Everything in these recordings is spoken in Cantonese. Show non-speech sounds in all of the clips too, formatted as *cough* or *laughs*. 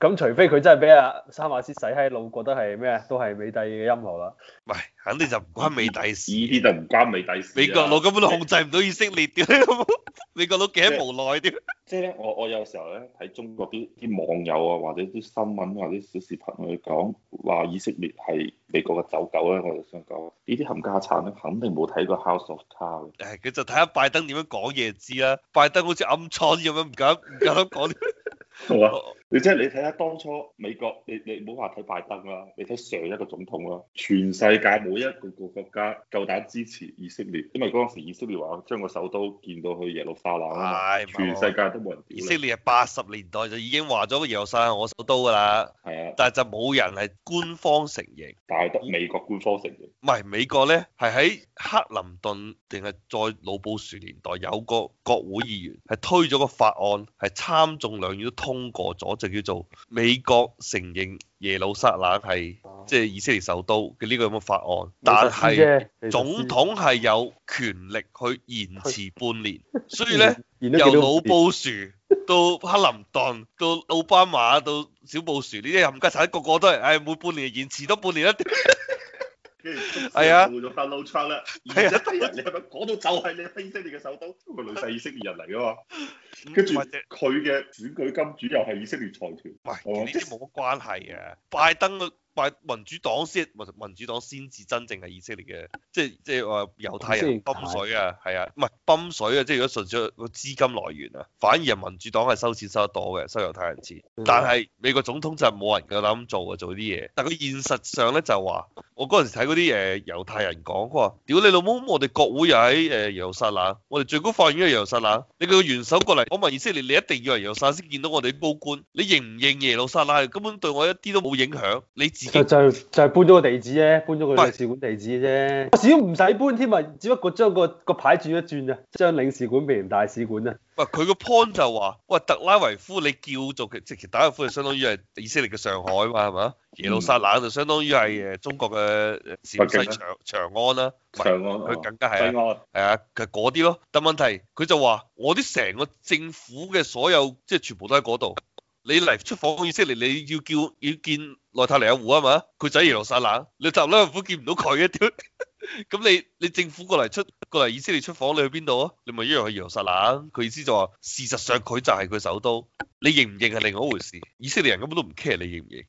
咁除非佢真係俾阿三馬斯洗喺腦，覺得係咩都係美帝嘅陰謀啦。喂，肯定就唔關美帝嘅事嘅，呢啲就唔關美帝嘅事嘅。美國佬根本都控制唔到以色列嘅， *laughs* 美國佬幾無奈㖏。即係咧，即係、我我有時候咧睇中國啲啲網友啊，或者啲新聞、啊、或者啲新聞、啊、或者小視頻去講話以色列係美國嘅走狗咧、啊，我就想講呢啲冚家產咧、啊，肯定冇睇過 House of Cards 嘅。誒，佢就睇下拜登點樣講嘢知啦。拜登好似暗瘡咁樣，唔敢唔敢講。同啊。你即係你睇下當初美國，你你唔好話睇拜登啦，你睇上一個總統啦，全世界冇一個個國家夠膽支持以色列，因為嗰陣時以色列話將個首都建到去耶路撒冷啊，哎，全世界都冇人。以色列八十年代就已經話咗耶路撒冷我首都噶啦，係啊，但係就冇人係官方承認，但係得美國官方承認。唔係美國咧，係喺克林頓定係在老布殊年代，有個國會議員係推咗個法案，係參眾兩院都通過咗。就叫做美國承認耶路撒冷係即係以色列首都嘅呢個咁嘅法案，但係總統係有權力去延遲半年， *laughs* 所以咧 *laughs* 由老布殊到克林頓到奧巴馬到小布殊，呢啲冚家鏟，個個都係，唉、哎，每半年延遲多半年一啲。 *laughs* 跟住係啊，咗啦， *laughs* 而且得人 *laughs* 你係嗰度就係你 *laughs* 以色列嘅首都？個女婿以色列人嚟噶嘛？跟住佢嘅選舉金主又係以色列財團，喂 *laughs* 想，呢啲冇乜關係嘅。拜登。民主黨先，民民主黨先至真正係以色列嘅，即係即係話猶太人泵水啊，係啊，唔係泵水啊，即係如果純粹個資金來源啊，反而啊民主黨係收錢收得多嘅，收猶太人錢，但係美國總統就冇人夠膽做啊，做啲嘢，但係佢現實上咧就話，我嗰陣時睇嗰啲誒猶太人講，佢話：屌你老母，我哋國會又喺耶路撒冷，我哋最高法院又喺耶路撒冷。」你叫個元首過嚟，我問以色列，你一定要係耶路撒冷先見到我哋啲高官，你認唔認耶路撒冷係根本對我一啲都冇影響，你就就就搬咗個地址啫，搬咗個大使館地址啫。我始終唔使搬添啊，只不過將個個牌轉一轉啊。將領事館變成大使館啊。喂，佢個 point 就話，喂，特拉維夫你叫做即係特拉維夫，就相當於係以色列嘅上海嘛，係嘛？耶路撒冷就相當於係誒中國嘅陝西長、嗯嗯、長安啦。啊、長安。佢更加係啊，係啊，其嗰啲咯。但問題佢就話，我啲成個政府嘅所有即係全部都喺嗰度。你嚟出訪以色列，你要叫要見內塔尼亞胡啊嘛，佢仔耶路撒冷，你集禮府見唔到佢嘅屌。咁你你政府過嚟出過嚟以色列出訪，你去邊度？你咪一樣去耶路撒冷。佢意思就話、是，事實上佢就係佢首都。你認唔認係另外一回事。以色列人根本都唔 care 你認唔認。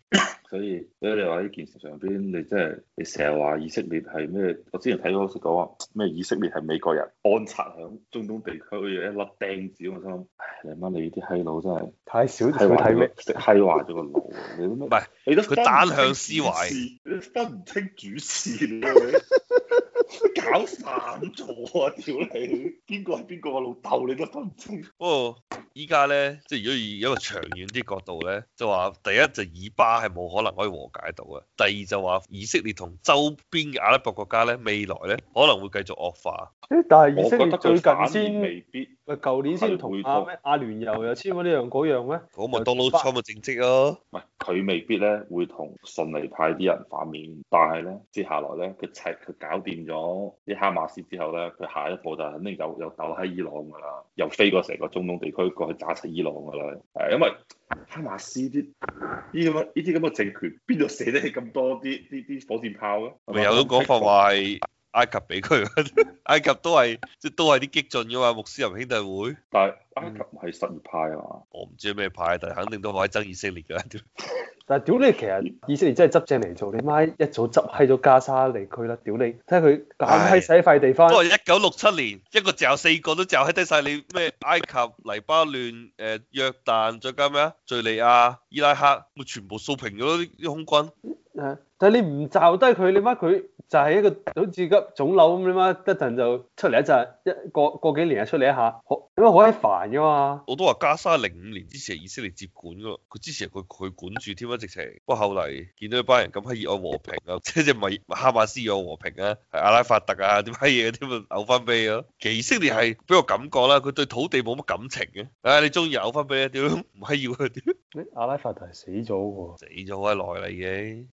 所以如果你話呢件事上邊，你真係你成日話以色列係咩？我之前睇到好似講話，咩以色列係美國人安插響中東地區嘅一粒釘子。我心諗，你媽你啲閪佬真係太少。睇壞咗，係壞咗個腦。唔係你都佢單向思維，是你都分唔清主持。 *laughs* *laughs* 搞散咗啊！屌你！邊個係邊個啊？老豆，你都分唔清。不過依家咧，即係如果以一個長遠啲角度咧，就話第一就以巴係冇可能可以和解到嘅。第二就話以色列同周邊嘅阿拉伯國家咧，未來咧可能會繼續惡化。但係以色列最近先，唔係舊年先同阿咩阿聯酋又簽咗呢樣嗰樣咩？好麥當勞收咪政績啊！唔係佢未必咧會同順利派啲人反面，但係咧接下來咧佢砌佢搞掂咗。講啲哈馬斯之後咧，佢下一步就肯定就又走喺伊朗噶啦，又飛過成個中東地區過去炸死伊朗噶啦，係因為哈馬斯啲呢咁呢啲咁嘅政權，邊度捨得起咁多啲啲啲火箭炮咧？咪又都講翻話。埃及俾佢，埃及都係即都係啲激進噶嘛，穆斯林兄弟會，但係埃及唔係什葉派啊嘛，嗯、我唔知咩派，但係肯定都喺爭以色列噶。但係屌你，其實以色列真係執正嚟做，你媽一早執喺咗加沙地區啦，屌你，睇下佢揀閪使塊地方。不過一九六七年，一個嚼四個都嚼喺低晒，你咩埃及、黎巴嫩、誒約旦，再加咩啊敘利亞、伊拉克，咪全部掃平咗啲空軍。誒，但係你唔嚼低佢，你媽佢。就係一個好似今腫瘤咁，點啊？一陣就出嚟一陣，一過過幾年又出嚟一下，因為好閪煩噶嘛。我都話加沙零五年之前以色列接管噶，佢之前佢佢管住添啊，直情。不過後嚟見到一班人咁閪熱愛和平啊，即係即係咪哈馬斯熱愛和平啊？阿拉法特啊？點閪嘢？點會嘔翻畀啊？以色列係俾我感覺啦，佢對土地冇乜感情嘅。唉、啊，你中意嘔翻畀啊？點都唔閪要佢啊！誒，阿拉法特係死咗喎、啊，死咗好耐嚟嘅，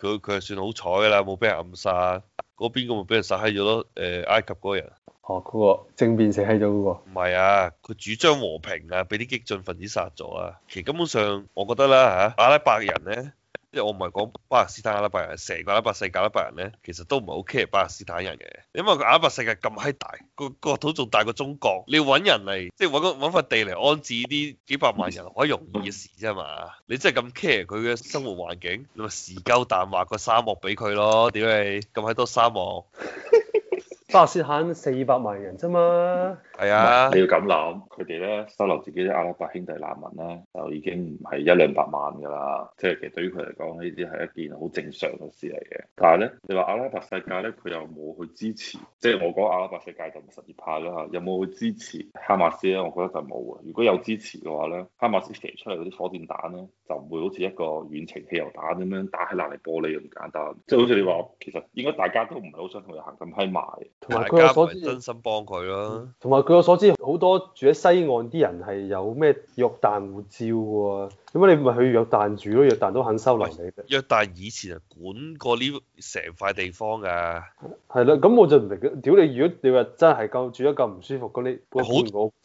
佢佢係算好彩噶啦，冇俾人暗殺。嗰邊個咪俾人殺閪咗咯？誒、呃，埃及嗰個人。哦，嗰、那個政變死閪咗嗰個。唔係啊，佢主張和平啊，俾啲激進分子殺咗啊。其實根本上，我覺得啦、啊、吓，阿拉伯人咧。即係我唔係講巴勒斯坦阿拉伯人，成個阿拉伯世界阿拉伯人咧，其實都唔係好 care 巴勒斯坦人嘅，因為個阿拉伯世界咁閪大，個國土仲大過中國，你要搵人嚟，即係搵個搵塊地嚟安置啲幾百萬人，可以容易嘅事啫嘛，你真係咁 care 佢嘅生活環境，你咪時鳩彈畫個沙漠俾佢咯，點你咁閪多沙漠？ *laughs* 巴勒斯坦四百萬人啫嘛。係啊、哎，你要咁諗，佢哋咧收留自己啲阿拉伯兄弟難民咧，就已經唔係一兩百萬㗎啦。即係其實對於佢嚟講，呢啲係一件好正常嘅事嚟嘅。但係咧，你話阿拉伯世界咧，佢又冇去支持，即係我講阿拉伯世界就唔什葉派啦嚇，有冇去支持哈馬斯咧？我覺得就冇啊。如果有支持嘅話咧，哈馬斯射出嚟嗰啲火箭彈咧，就唔會好似一個遠程汽油彈咁樣打喺爛泥玻璃咁簡單。即係好似你話，其實應該大家都唔係好想同佢行咁閪埋。同埋佢家夥真心幫佢咯，同埋據我所知，好多住喺西岸啲人係有咩約旦護照喎，咁解你唔係去約旦住咯、啊？約旦都肯收留你嘅、啊。約旦以前係管過呢成塊地方㗎、啊。係啦，咁我就唔明屌你，如果你話真係夠住得咁唔舒服，咁你搬轉個屋啫。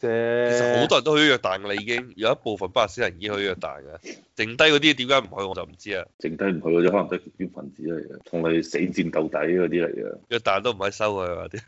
其實好多人都去約旦㗎啦，已經有一部分巴斯人已經去約旦嘅，剩低嗰啲點解唔去我就唔知啦。剩低唔去啲可能都係極端分子嚟嘅，同你死戰到底嗰啲嚟嘅。約旦都唔係收佢啊啲。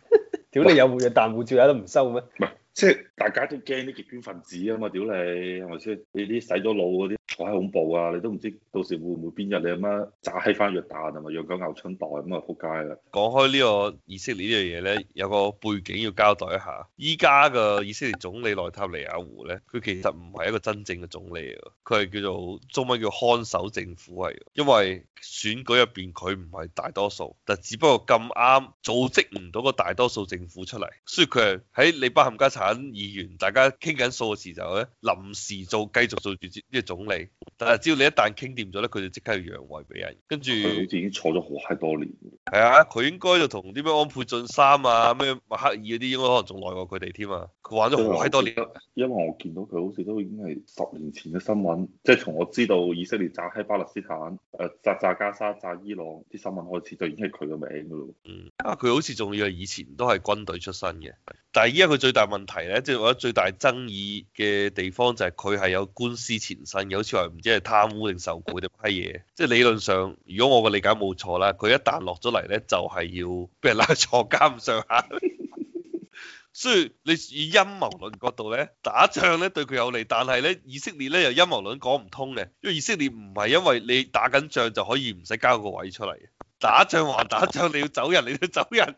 屌 *noise* 你有護照，但護照有都唔收咩？唔係即係大家都驚啲極端分子啊嘛！屌你係咪先？你啲洗咗腦嗰啲。好恐怖啊！你都唔知到時會唔會變咗。你阿媽炸閪翻藥彈，同埋藥狗牛腸袋咁啊？撲街啦！講開呢個以色列呢樣嘢咧，有個背景要交代一下。依家個以色列總理內塔尼亞胡咧，佢其實唔係一個真正嘅總理，佢係叫做中文叫看守政府嚟。因為選舉入邊佢唔係大多數，但只不過咁啱組織唔到個大多數政府出嚟，所以佢係喺你把冚家產議員大家傾緊數嘅時候咧，臨時做繼續做住呢個總理。但係只要你一旦傾掂咗咧，佢就即刻要讓位俾人，跟住佢已經坐咗好閪多年。係啊，佢應該就同啲咩安倍晉三啊、咩默克爾嗰啲應該可能仲耐過佢哋添啊！佢玩咗好閪多年，因、嗯、為我見到佢好似都已經係十年前嘅新聞，即係從我知道以色列炸喺巴勒斯坦、誒炸炸加沙、炸伊朗啲新聞開始，就已經係佢嘅名㗎咯。因為佢好似仲要係以前都係軍隊出身嘅，但係依家佢最大問題咧，即、就、係、是、我覺得最大爭議嘅地方就係佢係有官司前身嘅，好似話唔知係貪污定受賄定批嘢。即、就、係、是、理論上，如果我個理解冇錯啦，佢一旦落咗嚟。咧就係要俾人拉去坐監咁上下， *laughs* 所以你以陰謀論角度咧，打仗咧對佢有利，但係咧以色列咧又陰謀論講唔通嘅，因為以色列唔係因為你打緊仗就可以唔使交個位出嚟，打仗還打仗，你要走人你就走人。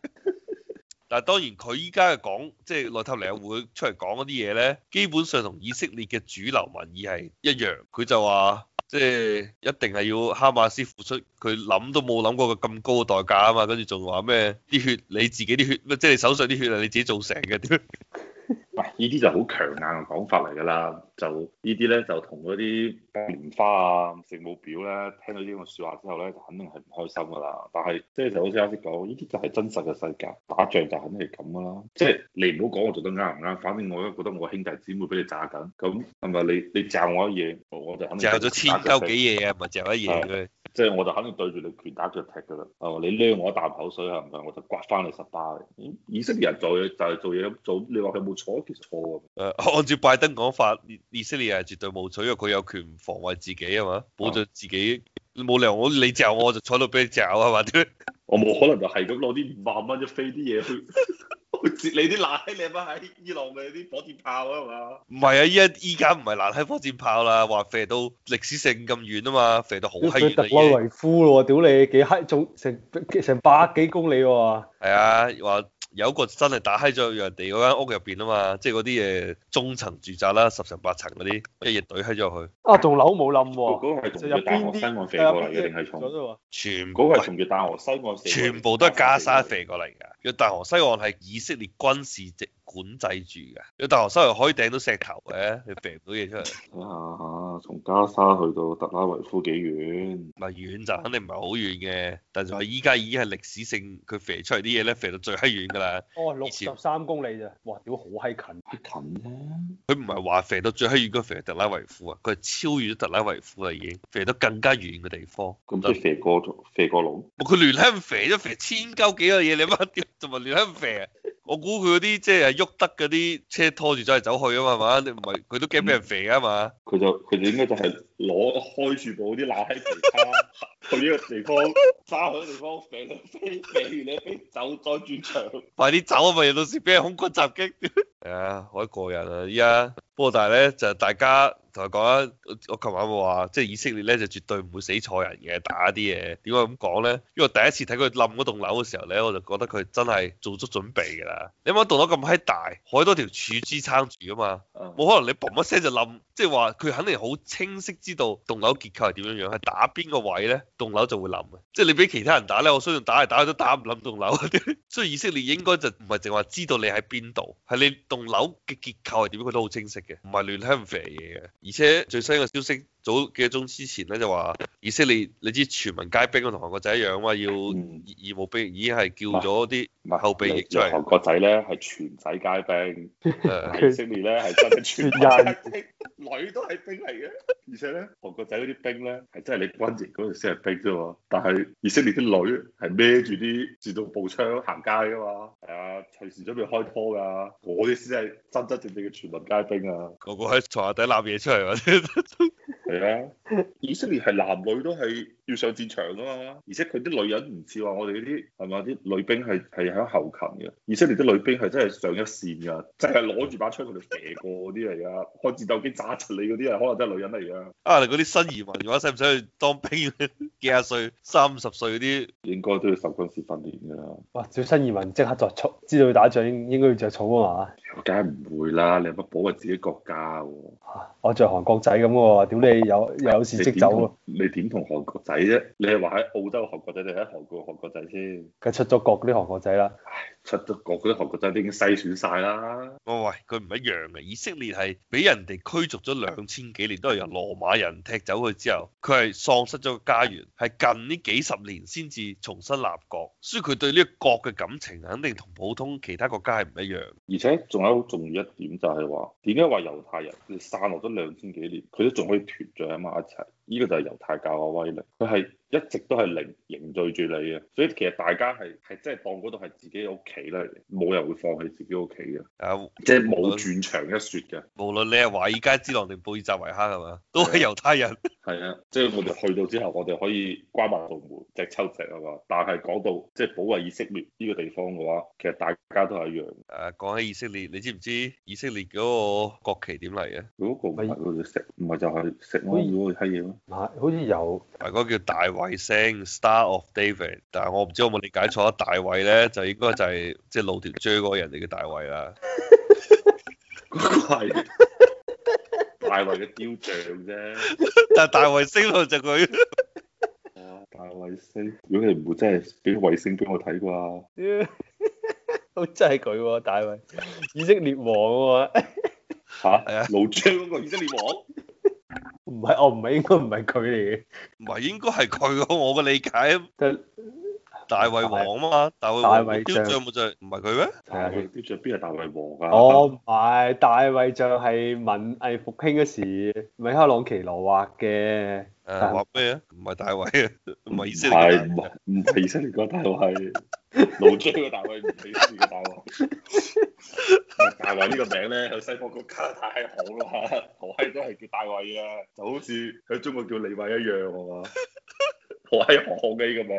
*laughs* 但係當然佢依家嘅講，即係內塔尼亞會出嚟講嗰啲嘢咧，基本上同以色列嘅主流民意係一樣，佢就話。即係一定係要哈馬斯付出佢諗都冇諗過嘅咁高嘅代價啊嘛，跟住仲話咩啲血你自己啲血，即係你手上啲血係你自己造成嘅。 *laughs* 喂，依啲就好強硬嘅講法嚟噶啦，就呢啲咧就同嗰啲白蓮花啊、聖母婊咧，聽到呢個說話之後咧，就肯定係唔開心噶啦。但係即係就好似啱先講，呢啲就係真實嘅世界，打仗就肯定係咁噶啦。即係你唔好講我做得啱唔啱，反正我都覺得我嘅兄弟姊妹俾你炸緊，咁係咪你你炸我一嘢，我就肯定炸咗千兜幾嘢啊，咪炸一嘢即係我就肯定對住你拳打腳踢噶啦，哦，你孭我一啖口水係唔係？我就刮翻你十巴、嗯、以色列人做嘢就係、是、做嘢做，你話佢冇錯？其實錯啊？誒，uh, 按照拜登講法，以色列人係絕對冇錯，因為佢有權防衞自己啊嘛，保障自己。冇、uh. 理由我你嚼我，我就坐到度俾你嚼啊嘛？ *laughs* 我冇可能就係咁攞啲五百蚊一飛啲嘢去。 *laughs* 接 *laughs* 你啲奶，你阿媽喺伊朗嘅啲火箭炮啊，係嘛？唔係啊，依家依家唔係拿喺火箭炮啦，話肥到歷史性咁遠啊嘛，肥到好閪遠特拉維夫咯，屌你幾黑，做成成百幾公里喎。係啊，話、 *laughs* 啊。有一個真係打閪咗人哋嗰間屋入邊啊嘛，即係嗰啲誒中層住宅啦，十層八層嗰啲，一嘢堆閪咗入去。啊，棟樓冇冧喎，嗰個係從住大河西岸飛過嚟嘅，定係從全部係從住大河西岸全部都係加沙飛過嚟嘅。住大河西岸係以色列軍事。管制住嘅，有大學生嚟可以掟到石球嘅，你肥唔到嘢出嚟。睇下，呃，從加沙去到特拉維夫幾遠？唔係遠就肯定唔係好遠嘅，但就話依家已經係歷史性，佢肥出嚟啲嘢咧，肥到最閪遠噶啦。哦，六十三公里啫，哇，屌好閪近。近，佢唔係話肥到最閪遠，佢肥特拉維夫啊，佢係超越咗特拉維夫啊，已經肥到更加遠嘅地方。咁即係肥過咗，肥過佬！佢亂咁肥，一肥千鳩幾個嘢，你媽就仲咪亂咁肥。啊？ *laughs* 我估佢嗰啲即係喐得嗰啲車拖住走嚟走去啊嘛，係嘛？你唔係佢都驚俾人肥啊嘛。佢就佢哋應該就係攞開住部嗰啲爛車， *laughs* 去呢個地方差好地方肥到飛，肥完你飛走再轉場，快啲走啊！咪到時俾人空軍襲擊，係 *laughs* 啊、哎，我一個人啊依家。哎不過但係咧，就是，大家同佢講啦，我琴晚我話即係以色列咧，就絕對唔會死錯人嘅打啲嘢。點解咁講咧？因為第一次睇佢冧嗰棟樓嘅時候咧，我就覺得佢真係做足準備噶啦。你諗下棟樓咁閪大，好多條柱支撐住啊嘛，冇可能你嘣一聲就冧。即係話佢肯定好清晰知道棟樓結構係點樣樣，係打邊個位咧，棟樓就會冧嘅。即係你俾其他人打咧，我相信打係打，都打唔冧棟樓。 *laughs* 所以以色列應該就唔係淨話知道你喺邊度，係你棟樓嘅結構係點樣，佢都好清晰嘅，唔係亂噏廢嘢嘅。而且最新嘅消息。早幾個鐘之前咧就話以色列，你知全民皆兵，同韓國仔一樣嘛，要義務兵已經係叫咗啲後備役出嚟、嗯。韓國仔咧係全仔皆兵，以色列咧係真係全民皆兵， *laughs* 女都係兵嚟嘅。而且咧，韓國仔嗰啲兵咧係真係你軍營嗰陣先係兵啫嘛，但係以色列啲女係孭住啲自動步槍行街噶嘛，係啊，隨時準備開拖噶。嗰啲先係真真正正嘅全民皆兵啊！個個喺床下底攬嘢出嚟。 *laughs* 係啦、啊，以色列係男女都係要上戰場噶嘛，而且佢啲女人唔似話我哋啲係嘛，啲女兵係係響後勤嘅，以色列啲女兵係真係上一綫噶，即係攞住把槍佢哋射過嗰啲嚟噶，開 *laughs* 戰鬥機炸實你嗰啲啊，可能真係女人嚟噶。啊，嗰啲新移民話使唔使去當兵？ *laughs* 幾廿歲，三十歲嗰啲，應該都要受軍事訓練噶啦。哇，小新移民即刻就坐，知道佢打仗應應該要着草啊嘛。梗係唔會啦！你係乜保衛自己國家喎、啊啊？我著韓國仔咁喎、哦，屌你有有,有事即走啊！你點同韓國仔啫？你係話喺澳洲韓國仔定喺韓國韓國,韓國仔先？梗係出咗國啲韓國仔啦！出咗國嗰啲韓國仔已經篩選晒啦。哦喂，佢唔一樣嘅，以色列係俾人哋驅逐咗兩千幾年，都係由羅馬人踢走佢之後，佢係喪失咗個家園，係近呢幾十年先至重新立國，所以佢對呢個國嘅感情肯定同普通其他國家係唔一樣。而且仲有好重要一點就係話，點解話猶太人散落咗兩千幾年，佢都仲可以團聚喺埋一齊？呢個就係猶太教嘅威力，佢係一直都係凝凝聚住你嘅，所以其實大家係係真係當嗰度係自己屋企啦，冇人會放棄自己屋企嘅，誒，即係冇轉場一説嘅、啊啊，無論你係華爾街之狼定布爾扎維克係嘛，都係猶太人。是的 *laughs* 係啊，即係我哋去到之後，我哋可以關埋道門，隻抽隻啊嘛。但係講到即係保衛以色列呢個地方嘅話，其實大家都係一樣。誒、啊，講起以色列，你知唔知以色列嗰個國旗點嚟嘅？嗰個唔係佢哋石，唔係就係、是、食。可以個閪嘢咯。好似有。嗱，嗰個叫大衛星，Star of David。但係我唔知我有冇理解錯，大衛咧就應該就係即係露條追嗰個人哋嘅大衛啊。怪！ *laughs* *laughs* *laughs* 大衛嘅雕像啫，但係大衛星就佢。哦，大衛星，如果你唔會真係俾衛星俾我睇啩？真係佢喎，大衛，以色列王喎。吓係啊，老張嗰個以色列王？唔係， *laughs* 我唔係應該唔係佢嚟嘅，唔係應該係佢咯，我嘅理解啊。 *laughs* 但大衛王啊嘛，大衛雕像咪就係唔係佢咩？係啊，雕像邊係大衛王啊？哦，唔係，大衛像係文藝復興嗰時，米開朗基羅畫嘅。誒，畫咩啊？唔係大衛啊，唔係以色列人啊，唔係唔係以色列個大衛。老追個大衛，唔係以色列個大衛。大衛呢個名咧，喺西方國家太好啦，好閪都係叫大衛啊，就好似喺中國叫李偉一樣，係嘛？我喺學機噶嘛，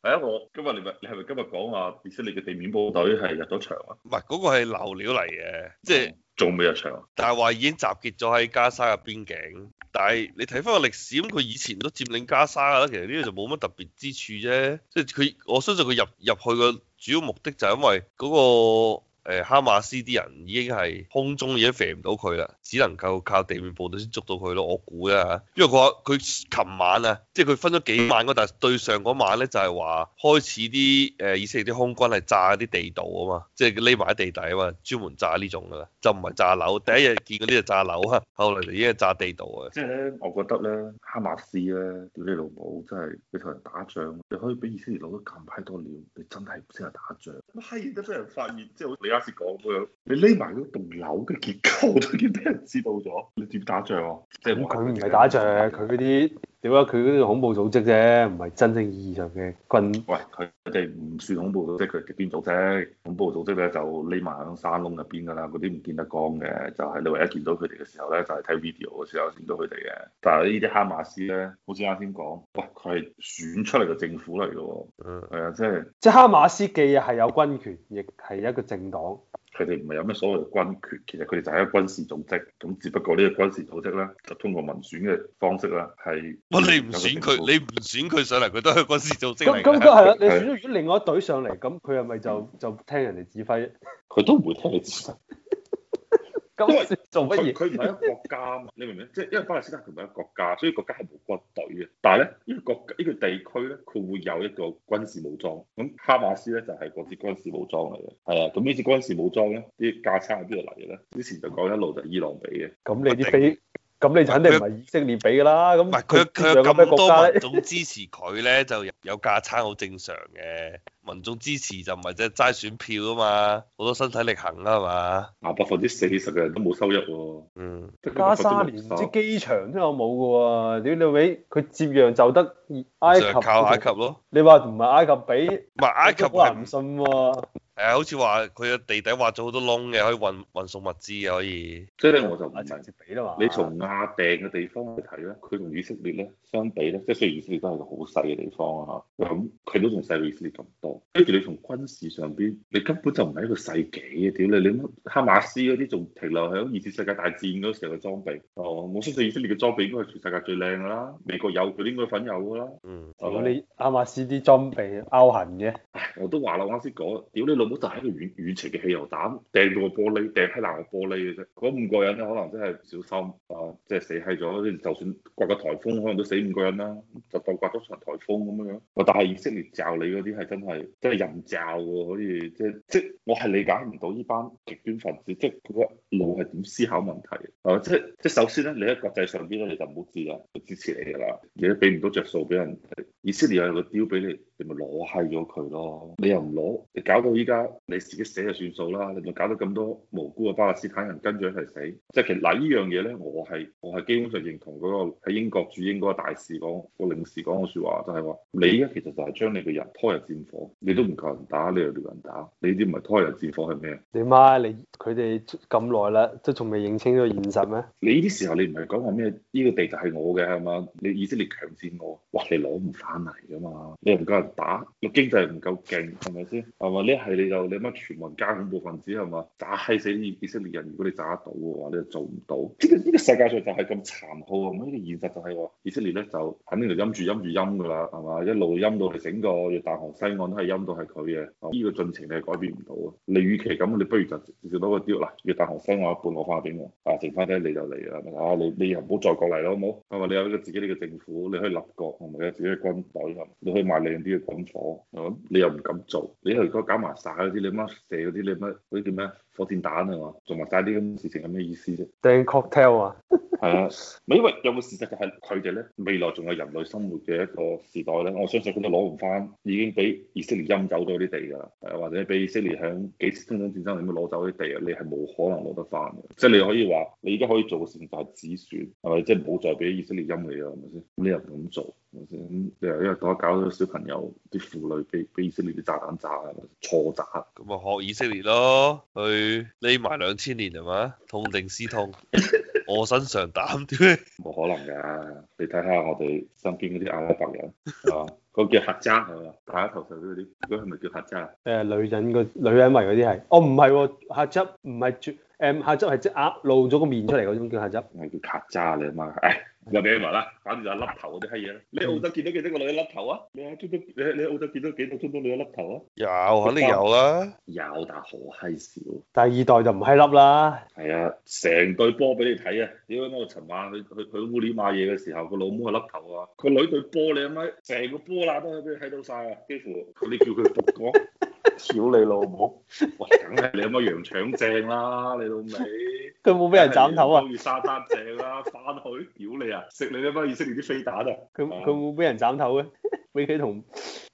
係啊，我今日你咪你係咪今日講話以色列嘅地面部隊係入咗場啊？唔係，嗰個係流料嚟嘅，即係仲未入場。但係話已經集結咗喺加沙嘅邊境。但係你睇返個歷史，咁佢以前都佔領加沙啦。其實呢個就冇乜特別之處啫。即係佢，我相信佢入入去嘅主要目的就係因為嗰個。誒哈馬斯啲人已經係空中已經飛唔到佢啦，只能夠靠地面部隊先捉到佢咯。我估啊，嚇，因為佢話佢琴晚啊，即係佢分咗幾晚嗰，但係對上嗰晚咧就係話開始啲誒以色列啲空軍係炸啲地道啊嘛，即係匿埋喺地底啊嘛，專門炸呢種噶啦，就唔係炸樓。第一日見到呢就炸樓嚇，後來嚟已經係炸地道啊。即係咧，我覺得咧，哈馬斯咧，屌你老母真係你同人打仗，你可以比以色列攞得近排多了，你真係唔適合打仗。咁閪易得俾人發現，即係而家先講咁樣，你匿埋嗰棟樓嘅結構，都已經俾人知道咗。你點打仗啊？即係咁，佢唔係打仗，佢嗰啲。點解佢嗰啲恐怖組織啫，唔係真正意義上嘅軍。喂，佢哋唔算恐怖組織，佢係邊組啫？恐怖組織咧就匿埋響山窿入邊噶啦，嗰啲唔見得光嘅，就係、是、你唯一見到佢哋嘅時候咧，就係睇 video 嘅時候見到佢哋嘅。但係呢啲哈馬斯咧，好似啱先講，喂，佢係選出嚟嘅政府嚟嘅喎，啊、嗯，就是、即係即係哈馬斯既係有軍權，亦係一個政黨。佢哋唔係有咩所謂嘅軍權，其實佢哋就係一個軍事組織，咁只不過呢個軍事組織咧，就通過民選嘅方式啦。係。哇！你唔選佢，你唔選佢上嚟，佢都係軍事組織嚟嘅。咁咁都係啦。你選咗另外一隊上嚟，咁佢係咪就就聽人哋指揮？佢都唔會聽你指揮。因為佢佢唔係一個國家啊嘛，你明唔明？即係 *laughs* 因為巴勒斯坦佢唔係一個國家，所以國家係冇軍隊嘅。但係咧，呢個國呢個地區咧，佢會有一個軍事武裝。咁哈馬斯咧就係嗰支軍事武裝嚟嘅，係啊。咁呢支軍事武裝咧，啲架撐喺邊度嚟嘅咧？之前就講一路就伊朗畀嘅。咁你啲飛？咁你就肯定唔係以色列俾噶啦，咁唔係佢佢咁嘅國家。總支持佢咧， *laughs* 就有有價差好正常嘅。民眾支持就唔係即係齋選票啊嘛，好多身體力行啊嘛。嗯、啊，百分之四十嘅人都冇收入喎。嗯，加沙連啲機場都有冇噶喎，屌你鬼，佢接壤就得埃及，靠埃及咯。你話唔係埃及俾？唔係埃及人唔信喎、啊。係，好似話佢個地底挖咗好多窿嘅，可以運運送物資嘅可以，嗯。所以咧，我就唔係直接比啦嘛。你從亞定嘅地方去睇咧，佢同以色列咧相比咧，即係雖然以色列都係個好細嘅地方啊，咁佢都仲細過以色列咁多。跟住你從軍事上邊，你根本就唔係一個世紀嘅。屌你，你乜哈馬斯嗰啲仲停留喺二次世界大戰嗰時候嘅裝備。哦，我冇相信以色列嘅裝備應該係全世界最靚噶啦，美國有佢應該粉有噶啦嗯，是是。嗯。嗰啲哈馬斯啲裝備歐痕嘅。唉，我都話啦，我啱先講，屌你好就一個遠遠程嘅汽油彈，掟到個玻璃，掟喺爛嘅玻璃嘅啫。嗰五個人咧，可能真係唔小心啊，即係死喺咗。就算刮個颱風，可能都死五個人啦，就當刮咗場颱風咁樣。但係以色列罩你嗰啲係真係，真係人罩喎，可以即係即係我係理解唔到呢班極端分子，即係佢個腦係點思考問題，係咪？即係即係首先咧，你喺國際上邊咧，你就冇支援，就支持你㗎啦，而且俾唔到着數俾人。以色列有個 deal 俾你，你咪攞閪咗佢咯！你又唔攞，你搞到依家你自己死就算數啦！你咪搞到咁多無辜嘅巴勒斯坦人跟住一齊死。即係其實嗱，依樣嘢咧，我係我係基本上認同嗰、那個喺英國駐英嗰個大使講、那個那個領事講嘅説話，就係、是、話你依家其實就係將你個人拖入戰火，你都唔夠人打，你又撩人打，你啲唔係拖入戰火係咩？你媽你佢哋咁耐啦，即仲未認清咗現實咩？你依啲時候你唔係講話咩？呢、這個地就係我嘅係嘛？你以色列強佔我，哇！你攞唔翻？嚟噶嘛？你又唔夠人打，個經濟唔夠勁，係咪先？係嘛？呢一係你就你乜全民加恐怖分子係嘛？炸閪死啲以色列人，如果你炸得到嘅話，你就做唔到。呢個呢個世界上就係咁殘酷啊！咁、這、呢個現實就係、是、話，以色列咧就肯定就陰住陰住陰㗎啦，係嘛？一路陰到係整個約旦河西岸都係陰到係佢嘅，呢、這個進程你係改變唔到啊！你與其咁，你不如就直接多個啲。嗱，約旦河西岸一半我花俾我，啊，剩翻啲你就嚟啦，係咪啊？你你又唔好再過嚟啦，好冇？係嘛？你有咗自己呢個政府，你可以立國同埋有自己嘅軍。袋啊！你可以買靚啲嘅房產，你又唔敢做，你係如果搞埋晒嗰啲，你乜卸嗰啲，你乜嗰啲叫咩？火箭彈啊嘛，做埋晒啲咁嘅事情，有咩意思啫？d cocktail 啊，係啊，咪因為有個事實就係佢哋咧，未來仲有人類生活嘅一個時代咧，我相信佢哋攞唔翻，已經俾以色列陰走咗啲地㗎啦，係或者俾以色列響幾次中東戰爭裡面攞走啲地啊，你係冇可能攞得翻嘅，即係你可以話你而家可以做嘅事情就係止損，係咪？即係唔好再俾以色列陰你啦，係咪先？咁你又唔咁做，係咪先？咁你又因為當搞搞到小朋友、啲婦女俾俾以色列啲炸彈炸，錯炸，咁啊學以色列咯，匿埋兩千年係嘛，痛定思痛，臥薪嘗膽，冇可能㗎。你睇下我哋身邊嗰啲阿拉伯人，係嘛、 *laughs* 啊，嗰叫黑渣係嘛，大家頭上嗰啲，嗰係咪叫黑渣啊、呃？女人個女人為嗰啲係，哦唔係，黑、哦、渣唔係絕。誒夏汁係隻鴨露咗個面出嚟嗰種叫下汁，唔係叫卡渣你阿媽。唉、哎，又俾你啦、哎，反正就係甩頭嗰啲閪嘢啦。你澳洲見到幾多個女仔甩頭啊？你喺你你澳洲見到幾多最多女仔甩頭啊？有肯定有啊！啊有但好閪少。第二代就唔係甩啦。係啊，成對波俾你睇啊！屌解我尋晚去去去奧地買嘢嘅時候，個老母係甩頭啊，女個女對波你阿媽成個波啦都俾你睇到晒啊，幾乎你叫佢復光。 *laughs* 屌你老母！喂，梗係你阿媽羊腸正啦，你老味。佢冇俾人斬頭啊？越沙灘正啦，翻去屌你啊！食你阿媽以色列啲飛打啊！佢佢冇俾人斬頭啊！俾佢同。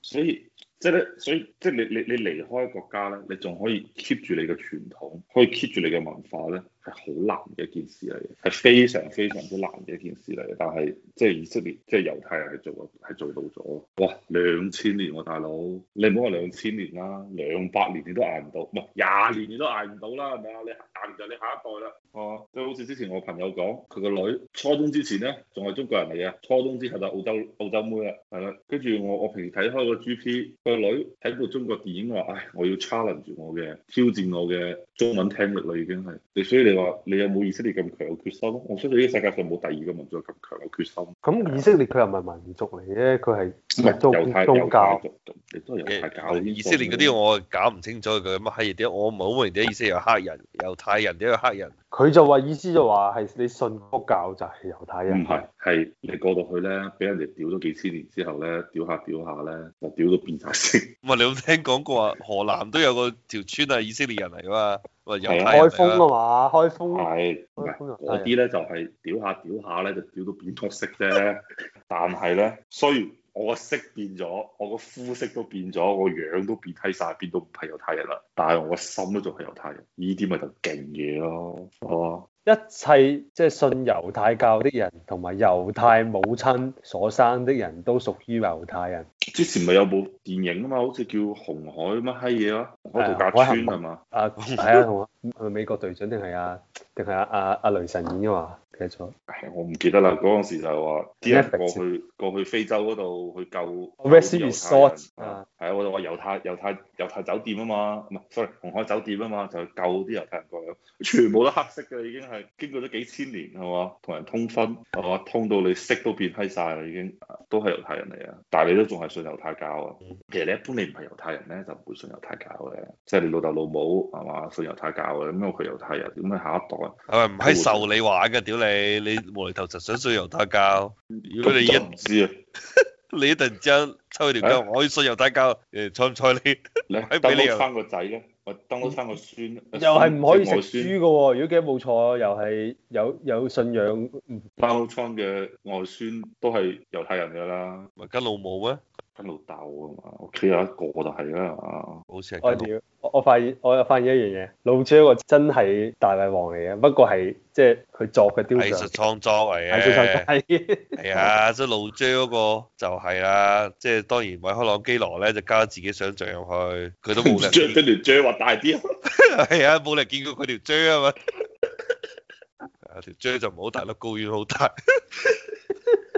所以即係咧，所以即係你你你離開國家咧，你仲可以 keep 住你嘅傳統，可以 keep 住你嘅文化咧。係好難嘅一件事嚟嘅，係非常非常之難嘅一件事嚟嘅。但係即係以色列，即係猶太人係做，係做到咗。哇，兩千年喎大佬，你唔好話兩千年啦，兩百年你都捱唔到，唔係廿年你都捱唔到啦，係咪啊？你捱唔到，你下一代啦。哦，即好似之前我朋友講，佢個女初中之前咧仲係中國人嚟嘅，初中之後就澳洲澳洲妹啦，係啦。跟住我我平時睇開個 GP，佢個女睇部中國電影話，唉，我要 challenge 住我嘅挑戰我嘅中文聽力啦，已經係，你所以你。你有冇以色列咁強嘅決心？我相信呢個世界上冇第二個民族咁強嘅決心。咁以色列佢又唔係民族嚟嘅，佢係猶，教猶，猶太教。你都的以色列嗰啲我搞唔清楚佢乜閪啲，我唔好明啲意思有黑人、猶太人，點解黑人？佢就話意思就話係你信福音教就係猶太人。唔係，係你過到去咧，俾人哋屌咗幾千年之後咧，屌下屌下咧，就屌到變曬色。喂 *laughs* 你有，有聽講過啊？河南都有個條村啊，以色列人嚟噶嘛？啊、開封啊嘛，開封係，啲咧就係屌下屌下咧，就屌、是、到變通色啫。但係咧，雖然我個色變咗，我個膚色都變咗，我樣都變閪晒，變到唔係猶太人啦。但係我個心都仲係猶太人，呢啲咪就勁嘢咯。一切即係信猶太教啲人，同埋猶太母親所生啲人都屬於猶太人。之前咪有部電影啊嘛，好似叫《紅海乜閪嘢》啊，《紅海度假村》係嘛？啊，係啊，係去美國隊長定係啊？定係啊？阿阿雷神演噶嘛？記錯，我唔記得啦。嗰陣時就話啲人過去過去非洲嗰度去救。Resort 係啊，啊，我就話猶太猶太猶太酒店啊嘛，唔係，sorry，紅海酒店啊嘛，就救啲猶太人過去。全部都黑色嘅已經係。經過咗幾千年係嘛，同人通婚，係嘛，通到你色都變閪晒啦，已經都係猶太人嚟啊，但係你都仲係信猶太教啊。其實你一般你唔係猶太人咧，就唔會信猶太教嘅，即係你老豆老母係嘛信猶太教嘅，咁因為佢猶太人，咁啊下一代。誒唔係受你玩嘅，屌你，你無厘頭就想信猶太教，佢哋你一唔 *laughs* 知啊， *laughs* 你一突然之間抽佢條筋，哎、呀我可以信猶太教，誒睬唔睬你？你得唔得生個仔咧？你登多生個孫，孫孫又係唔可以食豬嘅喎、啊。如果記得冇錯，又係有有信仰包倉嘅外孫，嗯、都係猶太人㗎啦。咪跟老母咩、啊？跟老豆啊嘛，屋企有一個就係啦。我屌，我我發現我發現一樣嘢，老 J 個真係大衛王嚟嘅，不過係即係佢作嘅雕塑。藝術創作嚟嘅。藝術創作？係啊，即係老 J 嗰個就係、是、啦，即、就、係、是、當然米開朗基羅咧就加自己想象入去，佢都冇力。J，跟 J 畫大啲。係 *laughs* *laughs* 啊，冇人見過佢條 J 啊嘛。條 J 就唔好大啦，睪丸好大。 *laughs*